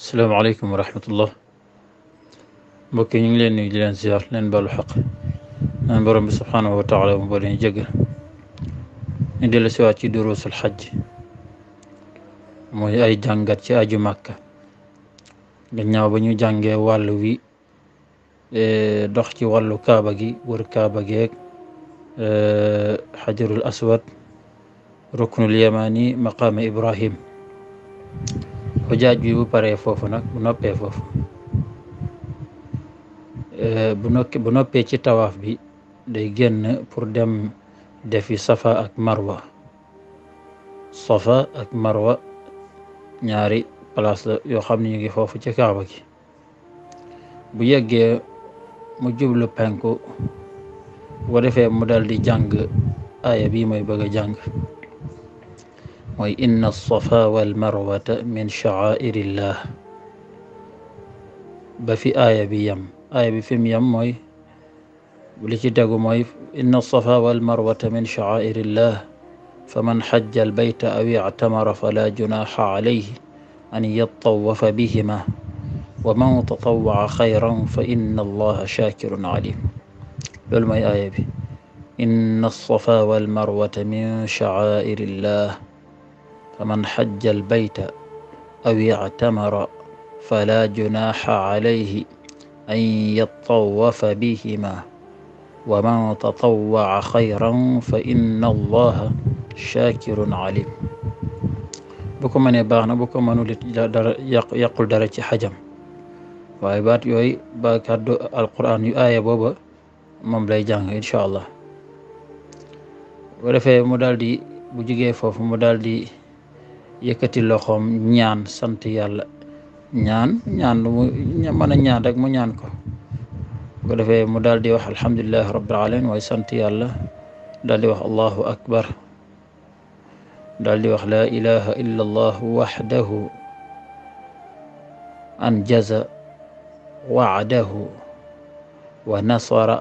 salaamaaleykum wa rahmatullah mbokk ñu ngi leen nuyu di leen ziar leen baalu xaq naan borom bi subhaanahu wa taala mu boo leen jéggal ñu dellu siwaat ci durusul xajj mooy ay jàngat ci aju màkka gannaaw ba ñu jàngee wàll wi e, dox ci wàllu kaaba gi wër kaaba geeg xajarul aswad ruknul yamani maqaama ibrahim ujaaj bi bu paree foofu nag bu noppee foofu eh, bu nokk bu noppee ci tawaaf bi day génn pour dem defi safa ak marwa safa ak marwa ñaari palaas yoo xam ne ñu ngi foofu ci kaaba gi bu yeggee mu jublu penku bu defee mu dal di jàng aaya bii mooy bëgg a jàng وإن الصفا والمروة من شعائر الله بفي آية بيم آية بفيم يم موي ولكي موي إن الصفا والمروة من شعائر الله فمن حج البيت أو اعتمر فلا جناح عليه أن يطوف بهما ومن تطوع خيرا فإن الله شاكر عليم بالماي آية بي إن الصفا والمروة من شعائر الله فمن حج البيت أو اعتمر فلا جناح عليه أن يطوف بهما ومن تطوع خيرا فإن الله شاكر عليم بكم من يبان بكم من يقول درجة حجم وعبات يوي باكاد القرآن يؤية بابا من بلاي جانه إن شاء الله ورفع مدال دي بجيجي فوف مدال دي yëkkati loxom ñaan sant yàlla ñaan ñaan lu mu mën a ñaan rek mu ñaan ko bu ko defee mu daal di wax alhamdulilahi rabbil alamin waaye sant yàlla daal di wax allahu akbar daal di wax la ilaha illa allah waxdahu jaza wacdahu wa nasara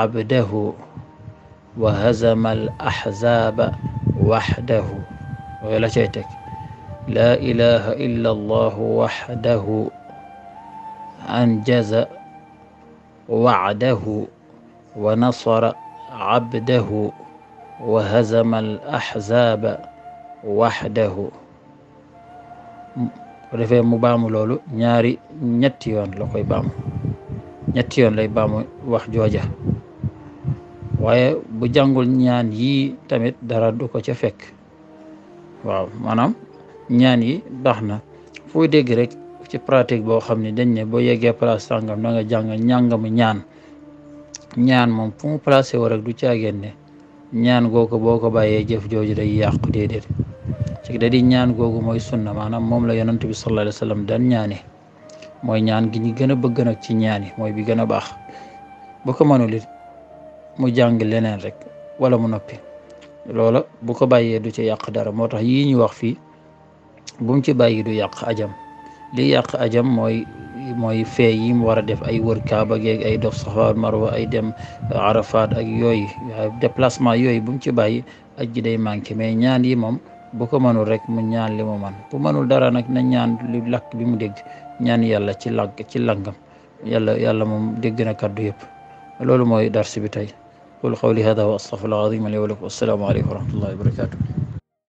abdahu wa hazama al axzaaba waxdahu ولا شيتك لا إله إلا الله وحده أنجز وعده ونصر عبده وهزم الأحزاب وحده ودفعي مبامو لولو نياري نتيون لقوي بامو نتيون لقوي بامو وحجواجة ويبجانغو نيان يي تمت دردو كو تفك waaw maanaam ñaan yi baax na foo dégg rek ci pratique boo xam ne dañ ne boo yeggee place sàngam da nga jàng ñàngamu ñaan ñaan moom fu mu placé woo rek du caageen ne ñaan googu boo ko bàyyee jëf jooju day yàqu déedéet ci da di ñaan googu mooy sunna maanaam moom la yonent bi sallallahu alayhi wa sallam daan ñaane mooy ñaan gi ñu gën a bëgg nag ci ñaan yi mooy bi gën a baax boo ko mënul it mu jàng leneen rek wala mu noppi loola bu ko bàyyee du ci yàq dara moo tax yii ñu wax fii bum ci bàyyi du yàq ajam li yàq ajam mooy mooy fee yi mu war a def ay wër kaaba geeg ay dox safa maru ay dem arafat ak yooyu déplacement yooyu bu mu ci bàyyi aj ji day manqué mais ñaan yi moom bu ko mënul rek mu ñaan li mu man bu mënul dara nag na ñaan li bi mu dégg ñaan yàlla ci làkk ci langam yàlla yàlla moom dégg na kàddu yëpp loolu mooy darsi bi tey قول قولي هذا وأستغفر الله العظيم لي ولكم والسلام عليكم ورحمة الله وبركاته